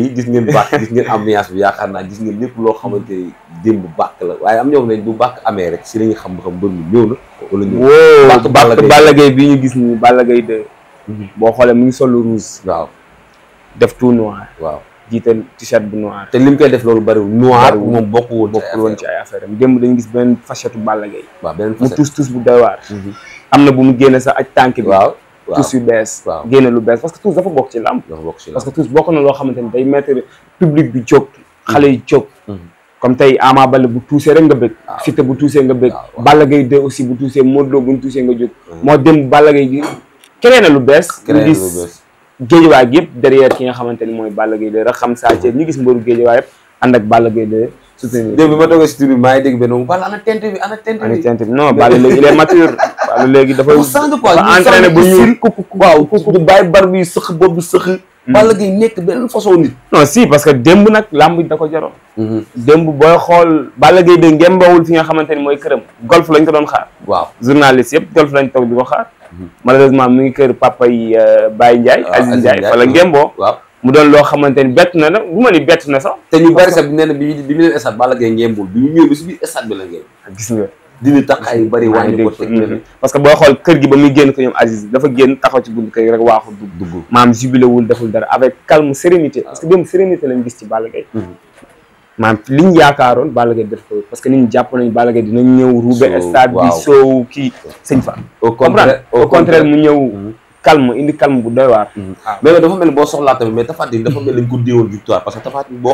yi gis ngeen bàkk gis ngeen ambiance bi yaakaar naa gis ngeen lépp loo xamante ni démb bàkk la waaye am ñoo nañ bu bàkk amee rek si la ñu xam xam mbër mi ñëw na wala ñëw bàkk bàkk Balla bi ñu gis ni Balla Gaye de mhm. boo xoolee mu ngi sol lu rouge waaw def tout noir waaw jiital t-shirt bu noir te lim koy def loolu bariwul noir moom bokkul woon bokkul woon ci ay affaire am démb dañu gis beneen facette Balla Gaye waaw beneen facette mu bu doy mhm. am na bu mu génne sax aj tànk waaw tous yu bees génne lu bees parce que tous dafa bokk ci làmb parce que tous bokk na loo xamante ni day mettre public bi jóg xale yi jóg mm-hmm. comme tey Ama Baldé bu tuusee rek nga bëgg Siteu bu tuusee nga bëgg Balla Gaye 2 aussi bu tuusee Modou bu ñu tuusee nga jóg mm-hmm. moo dem Balla Gaye gi keneen na lu bees ñu rek xam saa ñu gis mbaru géejawaay yëpp ànd ak Balla Gaye 2 soutenir démb bi Balla ana tent bi ana waaw léegi dafa entraîné bu ñuul waaw ku bàyyi bar bi sëq bopp bi sëq hmm. Balla Gaye nekk benn façon nit non si parce que démb nag làmb da ko jaroon hmm. démb booy xool Balla Gaye de ngembawul fi nga xamante ni mooy këram golf lañ ko doon xaar waaw journaliste yëpp golf lañ toog di ko xaar hmm. malheureusement mu ngi kër papa yi euh, Baye Ndiaye Aziz Ndiaye fa la ngemboo waaw mu doon loo xamante ni bett na la bu ma ni bett na sax te ñu bari sax bi nee bi bi mu leen stade Balla ñu ñëw bi su bi la dindi taxaay yu bëri wàññi ko teg parce que booy xool kër gi ba muy génn ko ñoom Aziz dafa génn taxaw ci bunt kër gi waaxu dugg dugg maam jubilé deful dara avec calme sérénité parce que démb sérénité lañ gis ci Balla mm-hmm. maam li ñu yaakaaroon Balla Gaye def ko parce que nit jàpp nañu Balla Gaye dinañ ñëw roube stade bi soow kii sëñ fa au contraire au contraire mu ñëw calme indi calme bu doy waar waaw mm-hmm. ah. mais dafa mel boo soxlaa tamit mais Tapha Tine dafa mel ni dañ ko déewoon victoire parce que Tapha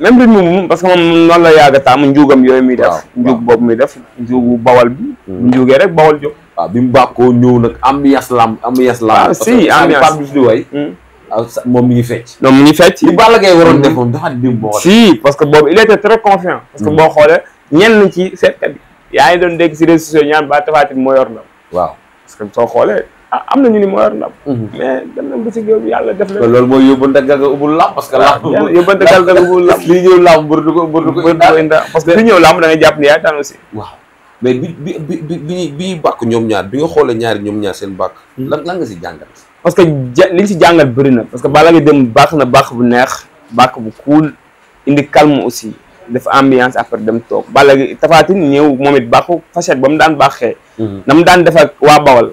même rythme moom parce que moom noonu la yàgg a taamu njuugam yooyu muy def njuug boobu muy def njuugu bawal bi hmm. bu njuugee rek bawal jóg bi mu bàkkoo ñëw nag am lam ambiance lam ah, si ambiance Pape Diouf di way hmm. ah, moom mi moom mi ngi fecc li Balla Gaye waroon hmm. def moom dafa dim bo si parce que boobu il était très confiant parce que boo xoolee ñenn ci seetkat yi yaa ngi doon dégg si réseaux sociaux ñaan ba Tapha Tine moo yor na waaw parce que soo xoolee Ah, am na ñu ni moo yor ndam. Mhm. mais dem nañ ba si géew yàlla def na. loolu mooy yóbbante gaga ubbul làmb parce que. yàlla yóbbante gaga ubbul làmb lii ñëw làmb mbër du jàpp ni yaay tànn aussi. waaw mais bi bi bàkk ñoom ñaar bi nga xoolee ñaari ñoom ñaar seen bàkk. Hmm. lan lan nga si jàngat. parce que ja si jàngat bëri na parce que balaa dem bàkk na bàkk bu neex bàkk bu cool indi calme aussi. def ambiance après dem toog bala Tapha Tine ñëw moom it bàqu facette ba mu daan bàqee hmm. na mu daan def waa Bawal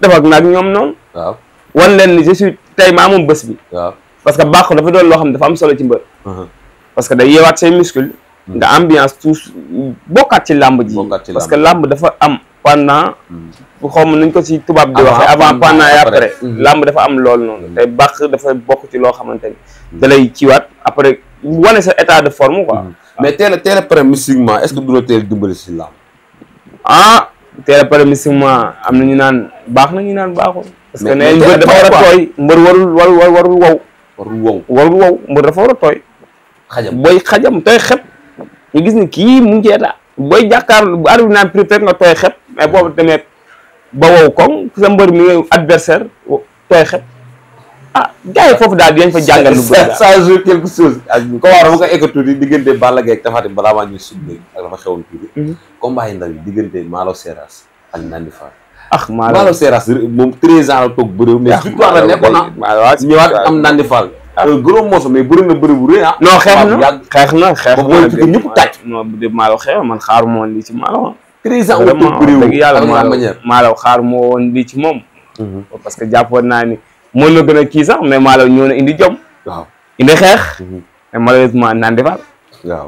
defak naag ñoom noonu waaw wan leen ni je tey maa moom bés bi waaw parce que bàq dafa doon loo xam ne dafa am solo ci mbër uh-huh. parce que day yeewaat say muscle mm. nga ambiance tout bokkat ci làmb ji parce que làmb dafa am pendant mm. xaw ma nuñ ko ci tubaab di waxee avant pendant après mm-hmm. làmb dafa am lool noonu mm-hmm. te bàq dafa bokk ci loo xamante ni da mm. lay ciwaat après wane sa état de forme quoi mais teel a teel a pare mystiquement est-ce que du la teel dimbali si làmb ah! teel a pare mystiquement am na ñu naan baax na ñu naan baaxul. parce que ne mbër dafa war a tooy mbër warul warul warul wow. warul wow warul wow mbër dafa war a tooy. xajam booy xajam tooy xep. ñu gis ni kii mu ngi ci état booy jàkkaarloo bu arbitre naan prix nga tooy xep mais boobu tamit ba wow koŋ sa mbër mi adversaire tooy xep. ah gars yi foofu daal dinañ fa jàngal lu bëri ça joue quelque chose ak ko waaw dama koy egg tuuti diggante Balla Gaye ak Tapha Tine balaa maa ñuy suñu ak dama xewoon tuuti mhm. combat yi ndaw yi ak Nandi Fall ah, moom treize ans toog bëriw mais victoire ah, la nekkoon na ah, ñëwaat am Nandi Fall gros morceau mais bëri na bëri bu rëy ah non xeex na xeex na xeex na fii ñëpp tàcc non de man xaaru moo lii ci Malo treize ans la lii ci moom mhm. parce que jàppoon naa ni moo na gën a kii sax mais maa la ñëw na indi jom. waaw indi xeex. Mhm. mais malheureusement naan defaat.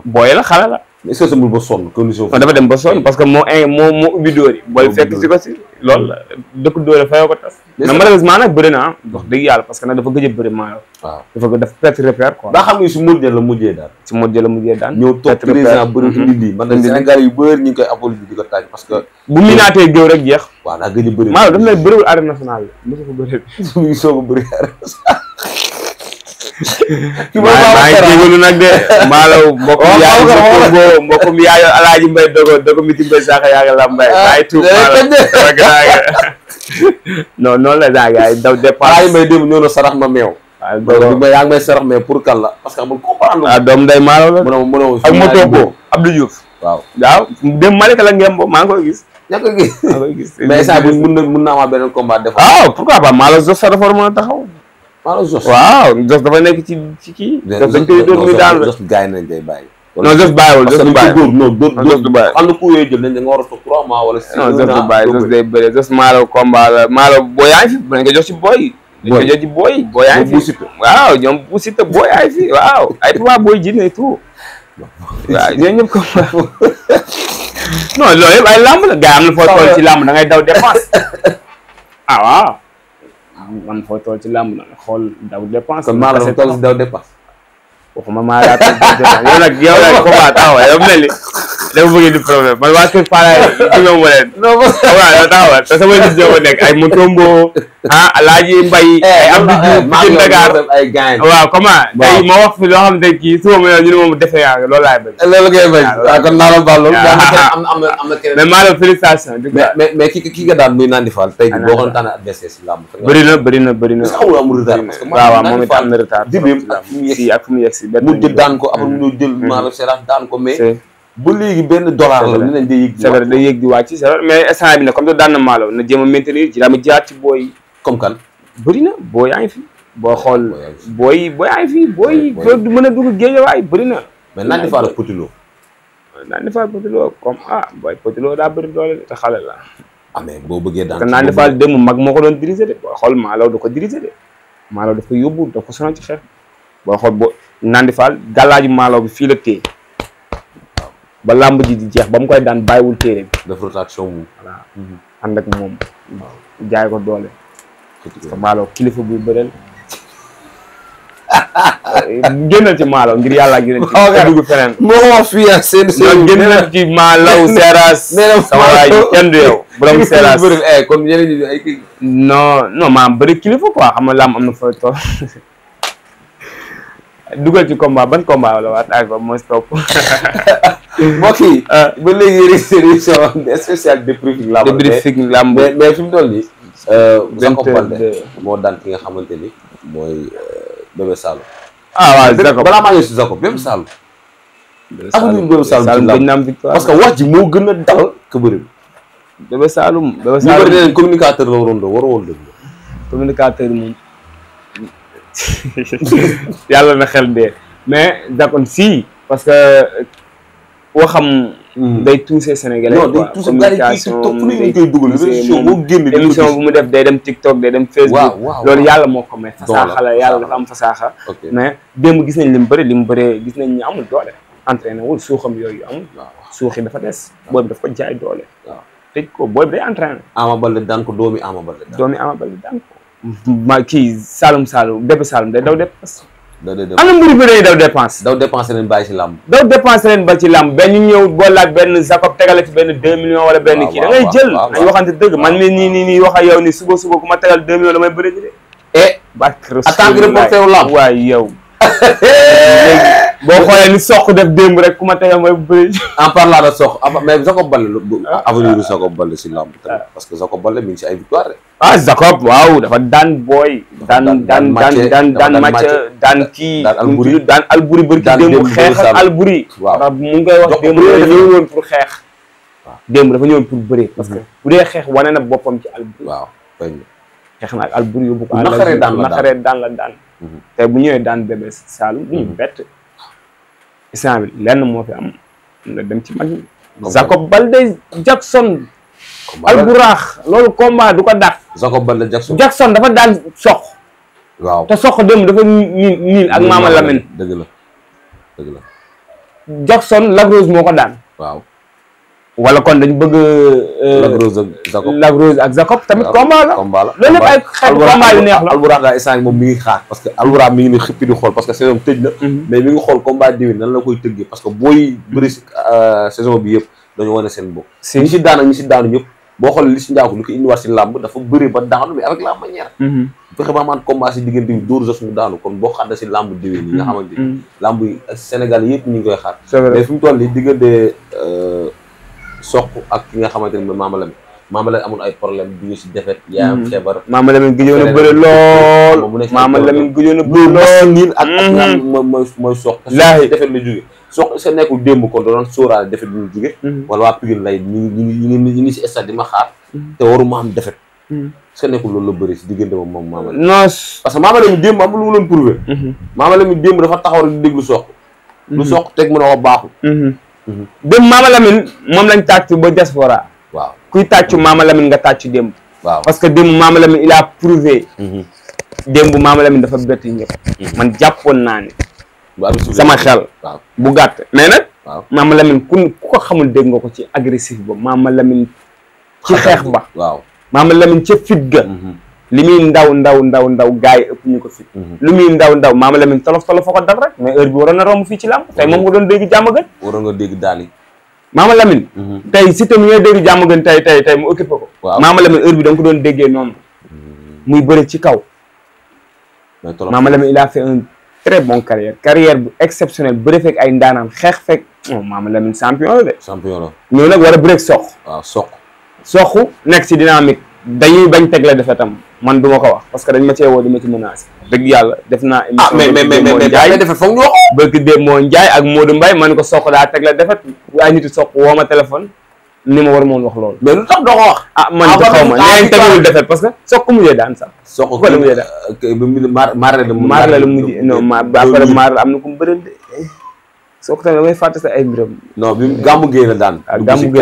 booy la xale la. ba dafa dem ba sonn parce que moo ay moo moo ubbi dóor yi. booy fekk si ko si loolu la dëkk dóor fayoo ko tas. mais malheureusement nag bëri na wax dëgg yàlla parce que nag dafa gëj a bëri maa la. waaw dafa dafa perte repère ba xam ne si Modou Dia la mujjee daan. si Modou Dia la mujjee daan. ñëw toog président bëri mhm. parce que. bu minaatee géew rek jeex. waaw daa gëj a bëri. maanaam dañu lay bëriwul arène nationale bi mosu ko bëree. mu ngi soog a bëri arène nationale. maa ngi ah. jégalu nag de maalaw mbokkum yaay mbokkum mbokkum yaay alaaji mbay dogo dogo miti mbay saaka yaaga ah, la mbay maa ngi tuub maalaw non noonu la daa gaay daw départ alaaji mbay démb ñëw na sarax ma meew waaw ah, ma yaa ngi may sarax meew pour kan la parce que amul comprendre ah doom day maalaw la mënoo mënoo ak moto ko Abdou Diouf waaw waaw démb Malika la ngembo maa ngi koy gis ñaa koy gis ñaa koy gis mais saa bu mun na mun na amaat beneen combat def waaw ah, pourquoi pas Malo Zos sax dafa war a mën a taxaw Malo Zos waaw Zos dafa nekk ci ci kii Zos dañ koy dóor muy daan Zos gars yi nañ day bàyyi non Zos bàyyiwul Zos du bàyyi non dóor dóor du bàyyi am na ku yooyu jël nañ da nga war a toog trois mois wala six non Zos du bàyyi Zos day bëre Zos Malo combat la Malo booyaa ngi fi dañ ko jox ci booy dañ ko jox ci booy booyaa fi bu site waaw ñoom bu fi waaw ay trois booy jinne tout waaw ñooñu ñëpp non loolu yëpp ay làmb la gars am na foo tool ci làmb da ngay daw dépense ah waaw man foo tool ci làmb da nga xool daw dépense. kon maa la fa tool daw dépense. waxuma maa laa tool daw dépense yow nag yow nag Fapal taxawaay ah, yow mel ni. dafa bëgg di problème man waa Kër Fala yi gis nga leen. non non waaw taxawal te sama gis nga nekk ay Mutombo ah Alaaji Mbay ay Abdou Diouf bi jëm Dakar waaw comment tey ma wax fi loo xam ne kii suba ma ñu ne moom defee yaa loolu laay bañ. loolu ngay bañ waaw kon naa la baal loolu. am na am na keneen mais maa la félicitation. mais mais ki ki nga daan muy Nandi Fall tey jii boo ko tànn adversaire si làmb. bëri na bëri na bëri na. parce que amul amul retard parce que waaw moom it am na retard. ak fu mu yegg si ak fu mu yegg si. mu jël daan ko après mu jël maanaam seeraat daan ko mais bu léegi benn dollar la ni nañ day yëg c'est vrai day yëg di wàcc c'est vrai mais instant bi nag comme te daan na maalo na jéem a maintenir ci daama jaat ci booy comme kan bëri na boo yaa ngi fi boo xool booy boo yaa ngi fi booy boo mën a dugg géejawaay bëri na mais naan di faar potilo naan di faar potilo comme ah booy potilo daa bëri doole te xale la ah mais boo bëggee daan te naan di faar démb mag moo ko doon dirigé de boo xool maalaw da ko dirigé de maalaw daf ko yóbbu daf ko sonal ci xeex boo xool boo naan di faar gàllaaju maalaw bi fii la téye ba làmb ji di jeex ba mu koy daan bàyyiwul téere bi. def rotation mhm. ko doole. parce que Malo kilifa buy bëreel. génnal ci Malo ngir yàlla génnal ci. waaw dugg feneen. moo wax fii Seras. nee na maa eh, bëri kilifa quoi xam nga làmb am na fa tool. dugal ci combat ban combat la waat ak ba mooy mbokk yi. ba léegi yéen seen émission spéciale débriefing làmb. débriefing làmb mais mais fi mu toll nii. Euh, moo daan ki nga xamante ni mooy euh, Bébé Saloum. ah waaw Jacob balaa maa ngi si Jacob Bébé Saloum. Bébé Saloum Bébé Saloum parce que wax ji moo gën a dal que bëri bi. Bébé Saloum Bébé Saloum ñu na xel dee mais Jacob si parce que. waa xam hmm. touché Sénégalais. non day touché gars yi ci TikTok fu ñu koy dugal émission boo génne émission bu mu def day dem TikTok day dem Facebook. loolu yàlla moo ko may. fasaaxa la yàlla dafa am fasaaxa. mais démb gis nañ li mu bëri li mu bëree gis nañ ñu amul doole. entraîné wul suuxam yooyu amul. waaw suux yi dafa des. booy bi daf ko jaay doole. waaw ko booy bi day entraîné. Ama Baldé daan ko doomi Ama Baldé daan ko. doomi Ama Baldé daan ko. ma kii Saalum Saalum bépp Saalum day daw def. ana mbir bi day daw dépense daw dépense leen bàyyi ci làmb daw dépense leen ba ci làmb benn ñëw boolaat benn wala benn kii da ngay jël dañ waxante dëgg man mi nii nii nii wax ak yow ni suba suba ku tegal deux millions damay bëri eh en tant que reporter boo xoolee li soq def démb rek ku ma tegal mooy bëri. en parlant de soq mais Jacob Baldé lu ah. avenir bu Jacob Baldé si lamb tamit ah. parce que Jacob Baldé mi ngi si ay victoire ah Jacob waaw dafa daan booy. daan daan daan daan match daan kii. daan alburi daan alburi bëri kii démb xeex ak alburi. waaw mu ngi koy wax démb dafa ñëwoon pour xeex. waaw démb dafa ñëwoon pour bëree. parce que mm-hmm. bu dee xeex wane na boppam ci alburi. waaw xeex na ak alburi yóbbu ko. naqaree daan la daan naqaree daan la daan. Mm-hmm. te bu ñëwee daan bébé Saalum mm-hmm. du ñu bett. instant bi lenn moo fi am nga dem ci mag ñi. Jacob Balde Jackson. alburaax loolu combat du ko dàq. Jacob Balde Jackson dafa daan soq. waaw te dem dafa niin ak maama la dëgg la. Jackson Lagrose moo ko daan. waaw. wala kon dañ bëgg. Euh, Lagrosse ak Zakop Lagrosse ak Zakop tamit. combat la combat la loolu yëpp ay xeetu combat yu neex la. Albourakh daal instant moom mi ngi xaar parce que Albourakh mi ngi ni xippi di xool parce que saison tëj na. Mhm. mais mi ngi xool combat diwin nan la koy tëggee parce que booy bëri euh, saison bi yëpp dañu wane seen bopp. si ñi si daan ak ñi si daanu ñëpp boo xoolee li si njaaku lu ko indiwaat si làmb dafa bëri ba daanu mais avec la manière. Mhm. fexe ba amaan combat si diggante bi dóor jos mu daanu kon boo xadda si làmb diwin yi nga mhm. xamante ni làmb yi Sénégal yëpp ñu ngi koy xaar mais fi mu toll nii diggante euh, soq ak ki nga xamante ne mooy Mama Lamine Mama Lamine amul ay problème dugg si defet yaayam mm-hmm. feebar Mama Lamine gëjoon na bëri lool Mama Lamine gëjoon na bëri mm-hmm. mooy mooy soq laahi defet la jóge soq sa nekkul démb kon da doon sóoraale defet lu mm-hmm. waa Pikine lay ñu ngi ñu ñu ngi si stade di ma xaar te waruma am defet parce que nekkul loolu la bëri si diggante moom moom Mama Lamine parce que Mama Lamine démb am lu mu leen prouvé Mama Lamine démb dafa taxaw rek di déglu soq lu soq teg mën a wax baaxul démb Maama Lamine moom lañ tàccu ba diaspora waaw kuy tàccu Maama Lamine nga tàccu démb waaw parce que démb Maama Lamine il a prouvé mhm. démb Maama Lamine dafa bett mhm. man jàppoon naa ne sama xel bu gàtt mais nag Maama Lamine ku ko xamul dégg nga ko ci agressif ba Maama Lamine ci xeex ba waaw Maama Lamine ca fit ga mhm. li muy ndaw ndaw ndaw ndaw gars ëpp ñu ko fit mhm. lu muy ndaw ndaw maama Lamine tolof tolof fa ko dal rek mais heure bi waroon na romb fii ci làmb tey moom nga doon dégg jàmm gën waroon nga dégg daani maama mhm. tey si tamit ngay dégg jàmm gën tey tey tey mu occupé ko maama Lamine heure bi da nga ko doon déggee noonu mhm. muy bëre ci kaw maama Lamine il a fait un très bon carrière carrière bu exceptionnel bëre fekk ay ndaanaan xeex fekk maama Lamine champion la de ñëw nag war a bëre soq waaw soq nekk si dynamique dañuy bañ teg la defetam man du ma ko wax parce que dañ ma cee woo di ma ci menacé dëgg yàlla def naa ah, émission mais mais mais mais mais defet foog ñu wax bëgg dee moo njaay ak Modou Mbaye man ko soq daa teg la defet waaye nit soq woo ma téléphone ni ma war moon wax loolu mais lu tax doo ko wax ah man ah, di xaw ma neen tegul defet parce que soq ku mujjee daan sax soq ku la mujjee daan maar la mujjee non maar après maar am na ku mu bëreel de soo ko tamit damay fàtte sa ay mbiram. géey la daan. Ah, daan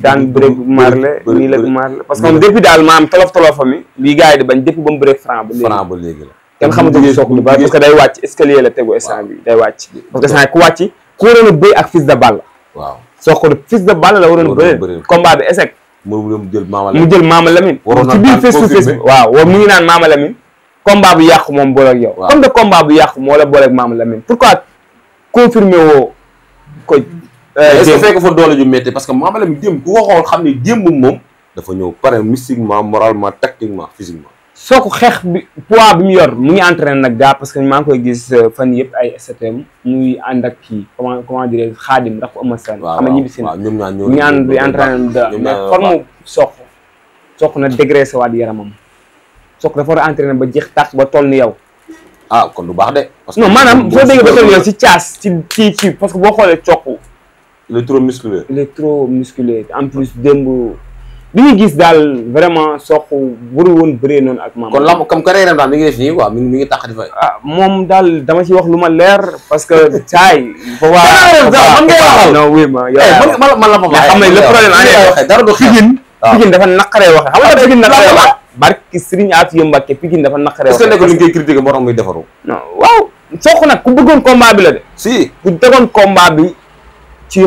daan bëreeg Marley nii la Marley parce que depuis daal maam tolof tolofam yi lii gars yi di bañ depuis ba mu bëreeg franc ba léegi franc ba léegi la kenn xamatuñu soog lu bari parce que escalier la tegu instant bi day wàcc parce que instant ku wàcc ku waroon a bëy ak fils de balle soo ko fils de balle la waroon a bëri combat bi échec mu mu jël maama Lamine ci comme de bu confirmé woo ko. Euh, euh, est-ce que fekk ju métti parce que Mama Lamine démb ku ko xool xam ne démb moom dafa ñëw pare mystiquement moralement tactiquement physiquement. soo ko xeex bi poids bi mu yor mu ngi entraîné nag gaa parce que maa ngi koy gis euh, fan yëpp ay STM muy ànd ak kii comment comment dire xaadim ndax ko ëmb seen. waaw xam ñibbi seen ñoom ñaar ñoo ñaan di entraîné da mais forme soq. soq na dégraissé waat yaramam soq dafa war a entraîné ba jeex tàq ba toll ni yow. ah kon lu baax de. parce que non maanaam soo déggee ba yow si caas ci ci ci parce que boo xoolee cokku. électromusculaire. électromusculaire en plus démb. bi ñu gis daal vraiment soq waru woon bëree noonu a maam. kon lamb comme carrière daal mi ngi def nii quoi mi ngi mi ngi tax di fay. Ah, daal dama ci wax lu ma leer parce que caay. foofa foofa foofa non oui ma eh, yow. man man la ma ma xam ne le problème. dara du xew Pikine ah. dafa naqaree wax. xam nga ah, Pikine naqaree wax. barki Serigne Afia Mbacke Pikine dafa naqaree. waaw Sokh nag ku bëggoon combat bi la de. si ku tegoon combat bi ci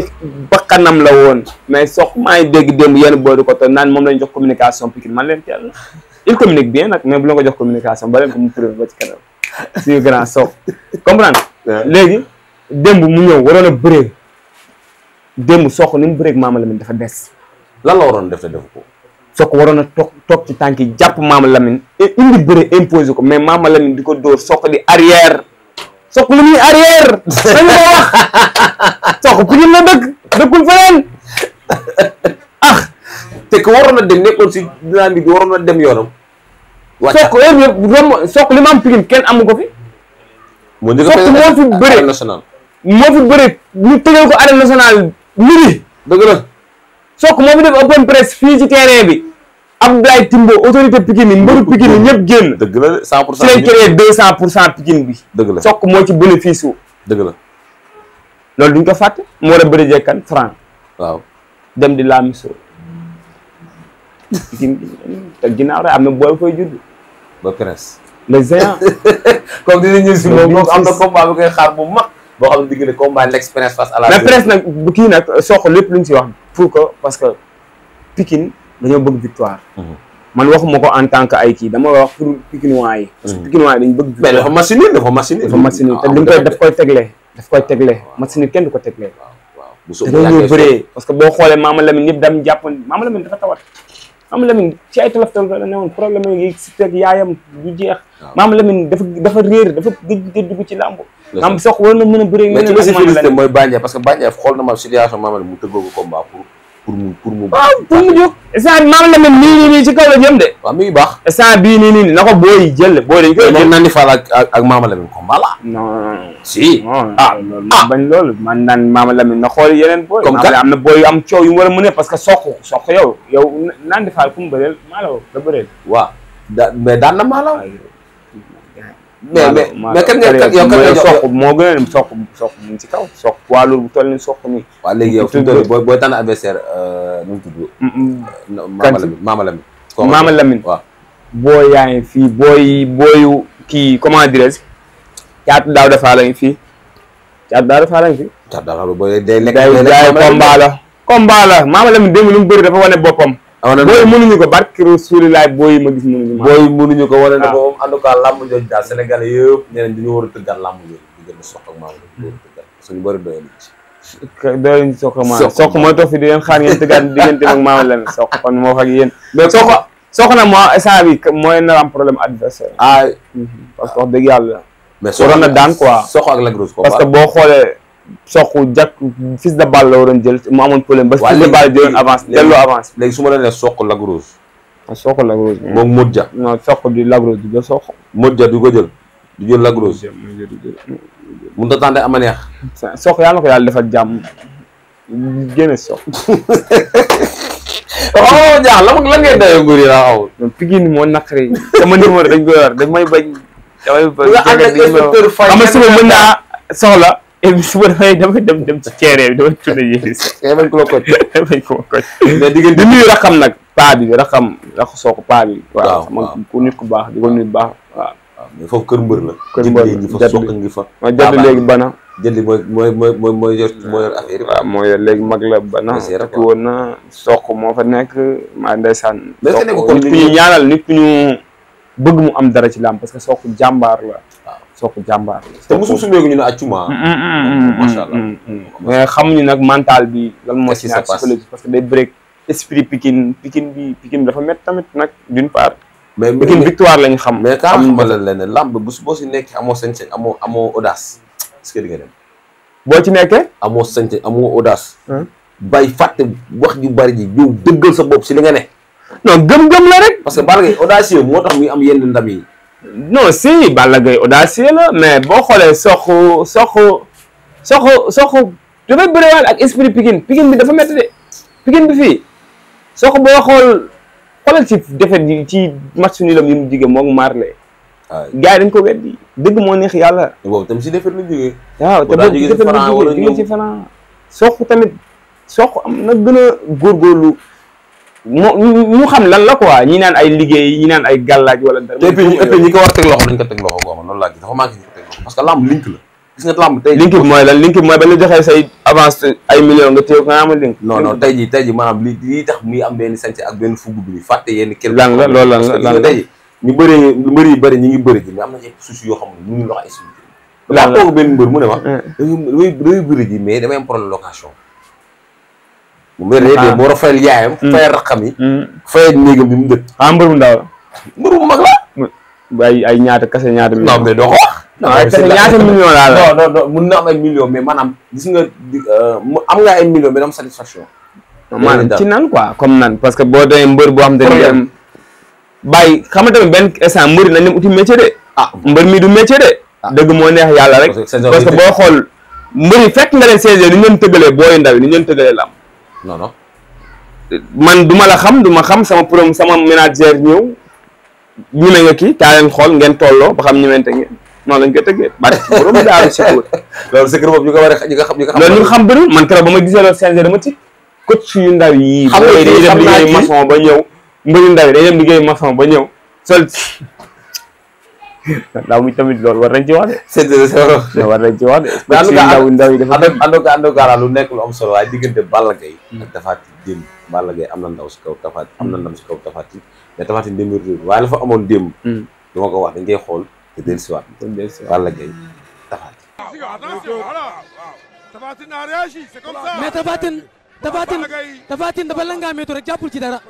bakkanam la woon. mais Sokh maa ngi dégg démb yenn booy di ko toog naan moom lañ jox communication Pikine man leen teel na il communique bien nag mais bu la ko jox communication ba leen ko mu prouvé ba ci kanam suñu grand Sokh comprendre léegi démb mu ñëw waroon a bëree démb Sokh ni mu bëree ak la Lamine dafa des. lan la waroon def te def ko. Sokh waroon toog ci tànk yi jàpp Mama Lamine indi bëre imposé ko mais Mama Lamine di ko dóor soq di arrière li muy arrière dañu ko wax soq ku ñu la dëkk dëkkul feneen ah te ko waroon a dem nekkoon si dinaan bi waroon a dem yoonam soq yooyu li ma am Pikine kenn amu ko fi moo njëkk soq moo fi bëre national moo fi ko arène nationale midi dëgg la soq moo fi def open press fii ci terrain bi Abdoulaye Timbo autorité Pikine yi mbaru Pikine yi ñëpp génn. dëgg la 100 pour cent ci lañ créé dëgg la Sokk moo ci bénéfice wu. dëgg la. loolu duñ ko fàtte moo war a bëri waaw dem di laamisoo. Pikine te ginnaaw am na booy koy judd. ba presse. le géant. comme dinañ ñëw si moom donc am na combat bi koy xaar bu mag. boo xam ne digg na combat l'expérience face à la. mais presse nag kii nag Sokk lépp luñ si wax pour ko parce que Pikine. dañoo bëgg victoire. Mhm. man waxuma ko en tant que ay kii dama wax pour pikinois yi. parce que mhm. pikinois yi dañu bëgg. mais dafa machine dafa machine. dafa machine te machine kenn du ko tegle. waaw waaw que boo xoolee Maama Lamine ñëpp dam jàpp Maama Lamine dafa tawat. Maama Lamine ci ay la ne woon problème war na mën a bëree. mais ci ma si félicité parce que Bandia xool na ma situation Maama Lamine mu tëggoo ko combat pour pour mu pour mu. waaw pour mu jóg. instant maam la mel nii ci kaw la jëm de. waaw mi ngi baax. instant bii nii na ko booy jël booy dañ koy jël moom naan di faal ak ak maam la mel combat la. non non si. ah ah bañ loolu maam la mel na xool yeneen booy. comme que am na booy yu am coow yu mu parce que soq soq yow yow naan di faal ku mu bëreel maalaw la bëreel. waaw da mais daan na maalaw. mais mais kan nga yow kan nga jox moo gën a dem soq soq mu ngi ci kaw soq waa loolu bu toll ni soq mi. waaw léegi yow fi mu toll booy booy tànn adversaire euh, nu mu tudd. kan ci Maama Lamine Maama Lamine. waaw booy yaa ngi fii booy booyu kii comment dirais-je. caatu daaw dafaa lañ fii caatu daaw dafaa lañ fii. caatu daaw dafaa booy day nekk day nekk combat la combat la Maama Lamine démb lu mu bëri dafa wane boppam. booy mënuñu ko barke Rasulilaay booy ma gis mënuñu ko. booy mënuñu ko wane ne ko ah. moom en tout cas làmb jooju daal Sénégalais yëpp nee nañ dañu war a tëggaat làmb jooju di gën a soq a tëggaat suñu bëri doyoon ci. doyoon ci mooy toog fi di leen xaar ngeen tëggaat diggante ak maam la ne kon moo wax ak yéen. na moo instant bi mooy nar problème adversaire. Mm-hmm. yàlla. mais parce que boo xoolee soxu jàkk fils de balle la waroon jël mu amoon problème ba fils de balle jëloon avance delloo avance léegi su ma la nee soq lagrose ah, soq lagrose hmm. moom Modja non soq di lagrose du jël soq Modja ko jël du jël lagrose mun ta tànde ama neex soq yàlla na ko yàlla defal jàmm oh, jaax la mag lan ngay dayoo nguur yi laa xaw Pikine moo naqari sama numéro dañ ko yor dañ may bañ damay bañ xam nga soxla suba damay damay dem dem ci ceeree bi damay tudd yéen si. damay ko ma ko damay ko ma ko mais diggante di nuyu raxam nag paa bi raxam rax soo ko paa bi. waaw waaw ku nit ku baax di ko nit baax waaw. waaw mais foofu kër mbër la. kër mbër la ngi fa soq ngi fa. ma jënd léegi bana. jëndi mooy mooy mooy mooy mooy yor mooy yor affaire yi. waaw mooy yor léegi mag la bana. tukki woon na soq moo fa nekk maa ndeysaan. soq nit ku ñu ñaanal nit ku ñu bëgg mu am dara ci làmb parce que soq jàmbaar la. sook jàmbaar. te mosul su ñu ne accuma. Mm, mm, mm, macha allah ñu nag mental bi. lan moo si nekk psychologie parce que day break esprit Pikine Pikine bi Pikine dafa métti tamit nag d'une part. mais Pikine victoire lañ xam. mais kaa xamal leen làmb bu boo si nekk amoo sañ-sañ amoo amoo audace est-ce boo ci nekkee. amoo sañ-sañ amoo audace. bay fàtte wax ju bari ji yow dëggal sa bopp si li nga ne. non gëm-gëm la rek. parce que bala ngay audacieux moo tax muy am yenn ndam yi. non si Balla Gaye audacieux la mais boo xoolee soxu sox soxu soxu dafay bëriwaale ak esprit Pikine Pikine bi dafa métti de Pikine bi fii soxu boo xool xoolal ci defet yi ci match ni lam yi mu jigéen moom Marley waaw gars dañ ko weddi dëgg moo neex yàlla. boobu tam si defet la jógee. waaw te si defet la jógee jógee ci Franc tamit soxu am na gën a góorgóorlu. moo ñu xam lan la quoi ñi naan ay liggéey ñi naan ay gàllaaj wala dara. et puis ñi ko teg loxo parce que lamb link la gis nga lamb tey link bi mooy lan link mooy ba ñu joxee say avance ay millions nga téye ko nga ama link non non tey jii tey jii maanaam li tax muy am benn sañse ak benn fugg bi fàtte yenn kër lan la lan la ñu bëri mbëri yi bëri ñi ngi bëri ji mais am na yenn soucis yoo ma eh. damay damay location bu mel ne de moo war a fayal yaayam. fayal raqam yi. Mm. fayal néegam bi mu dëkk. ah mbër mu ndaw la. mbër mu mag la. ay ñaata kase ñaata. non mais doo ko ay million laa la. am gis nga euh, am nga ay millions mais dama satisfaction. maanaam ci nan quoi comme nan parce que boo demee mbër boo xam te ne. bàyyi xam nga tamit benn instant mbër nañ dem uti métier de. ah mbër mi du métier de. Ah. dëgg moo neex yàlla rek. parce que boo xool mbër yi fekk nga leen saison ni ñu leen tëggalee booy ndaw ni ñu leen tëggalee non man du ma la xam du ma xam sama prom sama ménagère ñëw ñime nga kii kaa leen xool ngeen tolloo ba xam ñimente ngeen noonu lañ koy tëggee bari borom daaru secours loolu secret boobu ko war a ñu ko xam ñu ko xam xam bëri man keroog ma gisee loolu CNG dama ci coach yu ndaw yii xam nga dañuy dem liggéey maçon ba ñëw mbëri ndaw yi dañuy dem liggéey maçon ba ñëw sol ndaw mi tamit loolu war nañ ci a de. séddale sa war war nañ a wax de. mais ndaw ndaw yi a àndoka lu nekk lu am solo waaye diggante Balla Gaye ak Tapha Tine démb Balla Gaye am na ndaw si kaw Tapha am na ndam si kaw Tapha Tine mais Tapha Tine démb waaye la fa amoon démb. du ma ko wax dañ koy xool te dellusiwaat. te dellusiwaat Balla Gaye Tapha Tine. mais rek jàppul ci dara.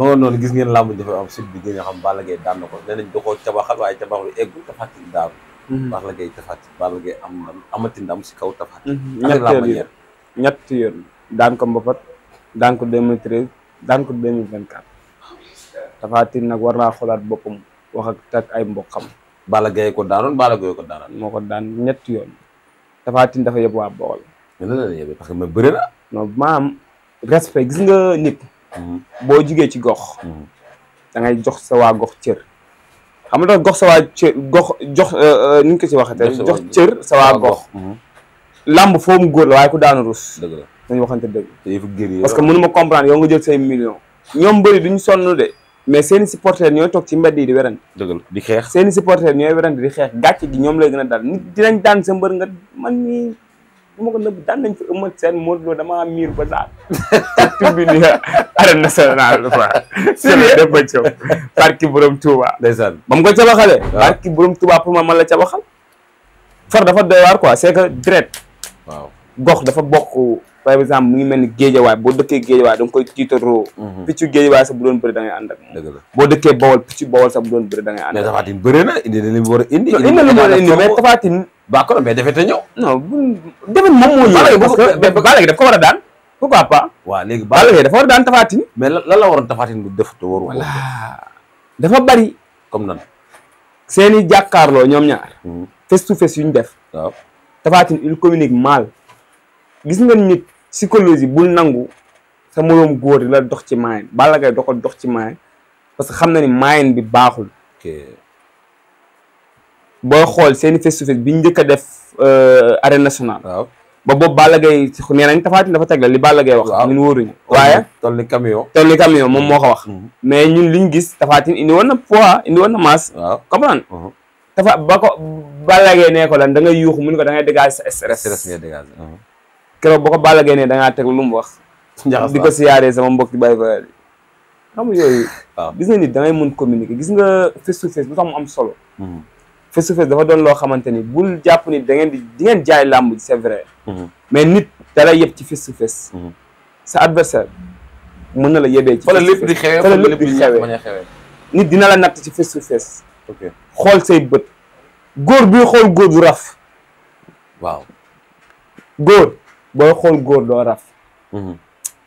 ma nga gis ngeen làmb dafa am sud bi ngeen xam daan na ko nee nañ da koo cabaxal waaye cabax lu eggu tafatin daaru mhm. Balla Gaye tafati Balla Gaye am ndam amati si kaw tafati mhm. ñetti yoon ñetti yoon daan ko mbapat daan ko 2013 daan ko 2024 Tapha Tine nag war naa xoolaat boppam wax ak tak ay mbokkam. bala Gaye ko daanoon Balla Gaye ko daanoon. moo ko daan ñetti yoon. Tapha tin dafa yeb waa Bawol. mais lan que ma bëri na. non maam respect gis nga nit. Mm-hmm. boo jugee ci gox. Mm-hmm. da ngay jox sa waa gox cër. xam nga gox sa cër gox jox euh, euh, ni ñu ko ci waxatee. jox cër sa waa gox. Mm-hmm. làmb foo mu góor la waaye ku daanu rus. dëgg la dañu waxante dëgg. parce que mënu ma comprendre yow nga jël say millions. ñoom bëri duñu sonn de. mais seen supporters ñooy toog ci mbedd yi di werante dëgg la di xeex seen supporters ñooy werante di xeex gàcce gi ñoom lay gën a daal nit dinañ daan sa mbër nga man nii bu ma ko nëbb daan nañ fi ëmmat seen Modou Lo damaa miir ba daal turbine arène nationale quoi sëñ def ba coow parki borom Touba ndeysaan ba mu ko cabaxalee parki ah. ma man la cabaxal far dafa doy waar quoi c'est que direct waaw gox dafa bokk par exemple mu ngi mel ni géejawaay boo dëkkee géejawaay da nga koy tiitaroo mhm. piccu géejawaay sax bu doon bëri da ngay ànd ak moom boo dëkkee bawol piccu bawol sax bu doon bëri da ngay ànd mais Tapha Tine bëri na indi na li mu war a indi indi na li mu a indi mais Tapha Tine baakono mais defete ñëw non bu defet moom a dafa war daan Tapha mais lan la waroon Tapha Tine bu waru dafa bari comme nan seen i jàkkaarloo ñoom ñaar mhm. face to face yu ñu def waaw Tapha il communique mal gis nga nit psychologie bul nangu sa moroom góor di la dox ci maayen Balla Gaye da ko dox ci maayen parce que xam na ni maayen bi baaxul. boo xool seeni face to face bi ñu njëkk a def euh, arène nationale. waaw ba boobu Balla Gaye nee nañ tafaatin dafa teg la li bala gay wax. ñun wóoruñu. waaye toll ni camion. toll moom moo ko wax. Mhm. mais ñun liñ gis tafaatin indi woon na poids indi woon na masse. waaw mhm. ba ko Balla Gaye nee ko lan mu ne ko da ngay dégager ngay dégager. Mhm. keroog boo ko Balla Gaye ne teg lu mu wax. di ko siyaaree sama mbokk bàyyi fa xam nga yooyu. waaw gis nga nit da ngay mën communiquer gis nga face to face lu tax mu am solo. Hmm. face to face dafa doon loo xamante ni bul jàpp ni da ngeen di di ngeen jaay làmb ji c'est hmm. mais nit da yëpp ci face to face. Hmm. sa adversaire mën na la yebee. ci face to face nit dina la natt ci face to face. xool say bët. góor bi xool góor du raf. góor. booy xool góor doo raf mhm.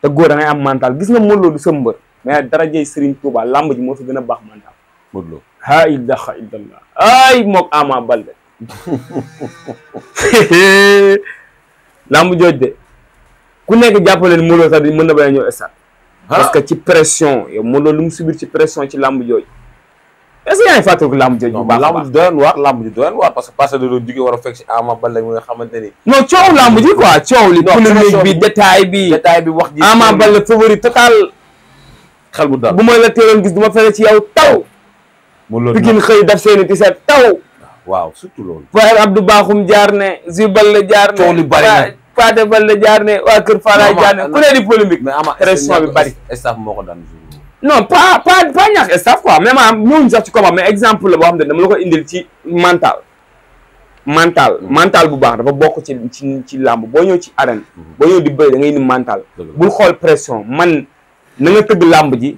te góor da ngay am mental gis nga Modou Lo du sa mbër mais dara jëy Serigne Touba làmb ji moo fi gën a baax mental Modou Lo haa ilaha illallah ay mook Ama Baldé làmb jooj de ku nekk jàppaleen Modou Lo sax di mën na bañ a ñëw stade ah. parce que ci pression yow Modou lu mu subir ci pression ci làmb jooj est-ce que yaa ngi fàttaliku làmb jooju bu baax a baax làmb waar làmb waar a fekk si Ama Baldé mi nga xamante ni non coow làmb ji quoi coow li bi détail bi détail bi wax ji Ama Baldé favori total xel bu dal gis du ma ci yow taw Pikine xëy daf seeni ti seet taw waaw surtout loolu Père jaar Zi Baldé jaar ne coow li bari na Paate Baldé ku ne di polémique mais ama pression bi bari staff moo ko non pas pas pas ñàkk staff quoi mais maanaam ñëwuñu ci combat mais exemple la boo xam ne dama la ko indil ci mental. mental mm. mental bu baax dafa bokk ci ci ci làmb boo ñëw ci arène. Mm. boo ñëw di bëri da ngay indi mental. bu xool pression man na nga tëgg làmb ji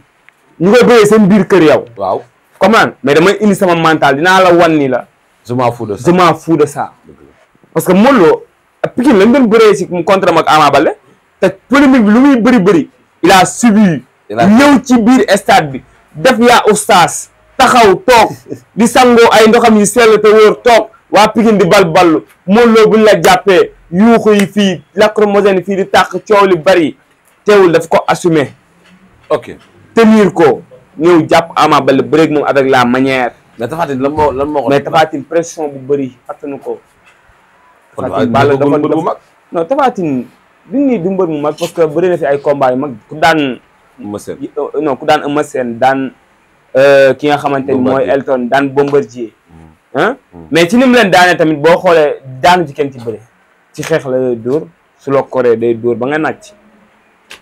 ñu koy bëree seen biir kër yow. waaw comprendre mais damay indi sama mental dinaa la wan ni la. je m'en fous de ça parce que Modou Lo Pikine lañ doon bëree si contre am ak Ama Baldé te polémique bi lu muy bëri bëri il a subi. ñëw ci biir stade bi def yaa oustaz taxaw toog di sangoo ay ndoxam yu sell te wóor toog waa Pikine di balballu moom loo buñ la jàppee yuuxu yi fii lacrymogène fii di tàq coow li bari teewul daf ko assumer ok ko ñëw jàpp Ama Baldé bëreeg moom avec la manière. mais Tapha Tine lan moo lan moo pression bu bari fàttanu ko. kon waaye mbër mu mag parce que bëri na fi ay combat mag daan. Mësën oh, non ku daan Mësën daan euh, ki nga xamante ni mooy Elton daan Bombardier ah mais ci ni leen daane tamit boo xoolee daanu ci ci bëre ci xeex la lay dóor su la koree day dóor ba nga nàcc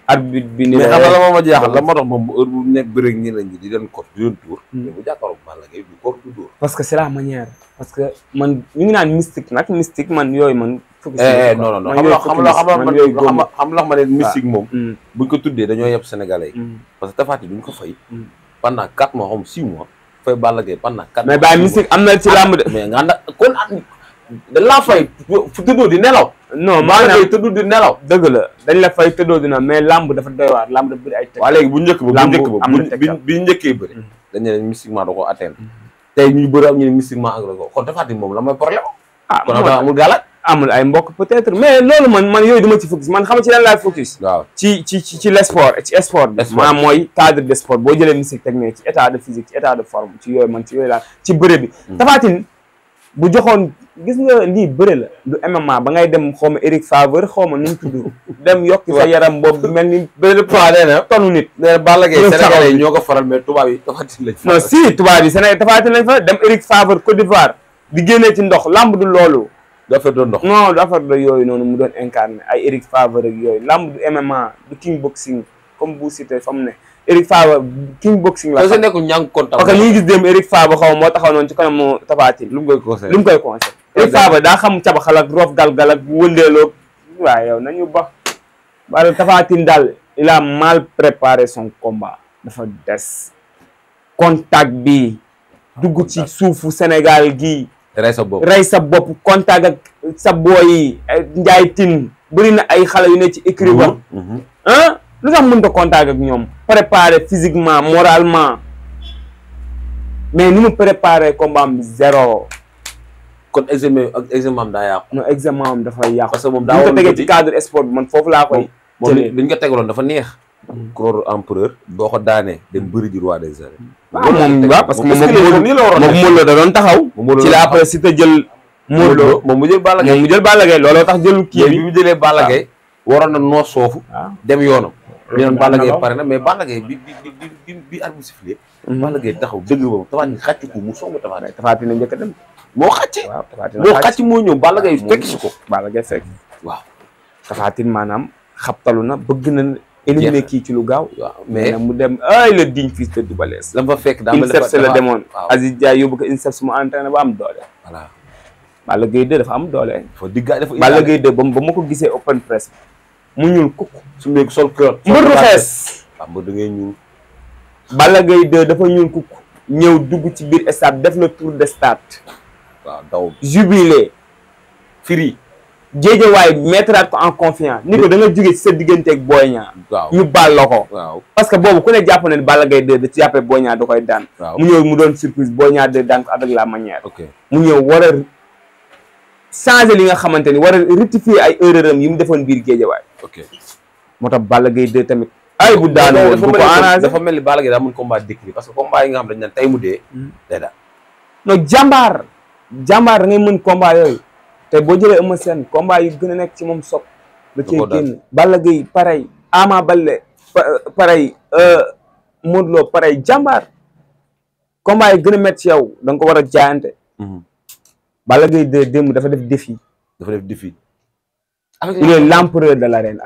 arbitre bi ni mais la moom a jaaxal la moo tax moom bu heure bu di leen kor di leen dóor mm. mais bu parce que c'est la manière parce que man ñu ngi naan mystique nag mystique man yooyu man Eh, eh, non non non xam nga xam nga xam nga ma ne ah. moom mm. buñ ko tuddee dañoo yeb sénégalais mm. parce que Tapha duñ ko fay mm. pendant quatre mois xam six mois fay Balla Gaye pendant quatre mais bàyyi mystique am na ci ah, làmb de mais nga ànd kon dañ di nelaw non maanaam tëddoo di nelaw dëgg la dañ la fay tëddoo dina mais làmb dafa doy waar làmb dafa bëri ay bu njëkk ba bu njëkk ba bi bi njëkkee bëri dañ ne mystiquement da ko atteindre tey ñuy bëri am ñu ne mystiquement engrais ko kon Tapha Tine moom la mooy problème ah, amul ay mbokk peut-être mais loolu man man yooyu duma ci focus man xam ci lan laay focus. waaw ci ci ci ci sport ci sport bi. maanaam mooy cadre de sport boo jëlee musique technique ci état de hmm. bu joxoon gis nga lii bëre la du MMA ba ngay dem xaw ma Eric Favre xaw ma nu mu dem yokk sa yaram boobu mel ni. benn poids nee na tonu nit. nee yi ñoo ko faral mais tubaab yi Tafatine lañ. dem Eric Favre Côte d'Ivoire di génnee ci ndox lamb du loolu. du affaire doon ndox yooyu noonu mu doon incarné ay Eric Favre ak yooyu lamb du MMA du king boxing comme bu cité fa mu Eric Favre king boxing la. moo taxaw noonu ci kanamu Tafaatine. lu mu koy conseillé lu mu koy conseillé. Eric Favre daa xam cabaxal ak roof galgal son combat dafa des contact bi dugg ci suufu Sénégal gii. rey sa bopp rey sa bopp contact ak sa booy eh, njaay tiim bëri na ay xale yu ne ci écrit ba ah lu tax mënut a contact ak ñoom préparer physiquement moralement mais nu mu préparer combat am zéro kon examen ak examen am daa yàqu non examen am dafa yàqu parce que moom tegee ci cadre sport bi man foofu laa koy moom dañ ko tegaloon dafa neex couronne empereur boo ko daanee dem bëri ji roi des arènes. Ah, moom waaw parce que moom nii la waroon moom moom la da doon taxaw. ci la après si te jël. Modou moom mu jël Balla Gaye moom mu jël Balla tax jël kii bi mu jëlee Balla ah. Gaye waroon na noos soofu. Ah. dem yoonam. ñu naan Balla Gaye pare na mais Balla Gaye bi bi bi mhm. taxaw dëgg boobu Tapha Tine xàcc ko mu song Tapha njëkk a dem. moo xàcce. moo xàcc moo ñëw Balla Gaye fekk si ko. Balla Gaye na bëgg na éliminé kii ci lu gaaw. waaw mais mu dem ay le digne fils de ba Less. la fa fekk daa mel INSEPS la demoon. waaw Aziz Dia yóbbu ko INSEPS mu entraîné ba am doole. voilà Balla Gaye dafa am doole. fo digga dafa Balla Gaye 2 ba ma ko gisee open press mu ñuul kuk. su ma sol kër. mbër du xees waaw mbër ngay ñuul. Balla Gaye 2 dafa ñuul kuk. ñëw dugg ci biir stade def na tour de stade. waaw daw géejewaay mettraat ko en confiance ni ko da nga jógee ci sa digganteeg Boy Niang ñu baal ko parce que boobu ku ne jàpp na ne Balla Gaye 2 da ci jàppee Boy Niang da koy daan mu ñëw mu doon surprise Boy Niang 2 daan ko avec la mu ñëw war a changer li nga xamante ni war a rectifier ay erreur yi mu defoon biir géejewaay moo tax Balla Gaye 2 tamit ay bu daanoo bu ko arrangé dafa mel ni Balla Gaye daa mën combat décrit parce que combat yi nga hmm. jàmbaar jàmbaar da ngay yooyu tey boo jëlee Eumeu Sène combat yu gën a nekk ci moom soog. da cee génn Balla Gaye parey Ama Baldé parey euh, Modou Lo parey jàmbaar combat yi gën a métti ci yow da ko war a jaayante. Mhm. Balla Gaye de démb dafa def défi. dafa def défi. il est l'empereur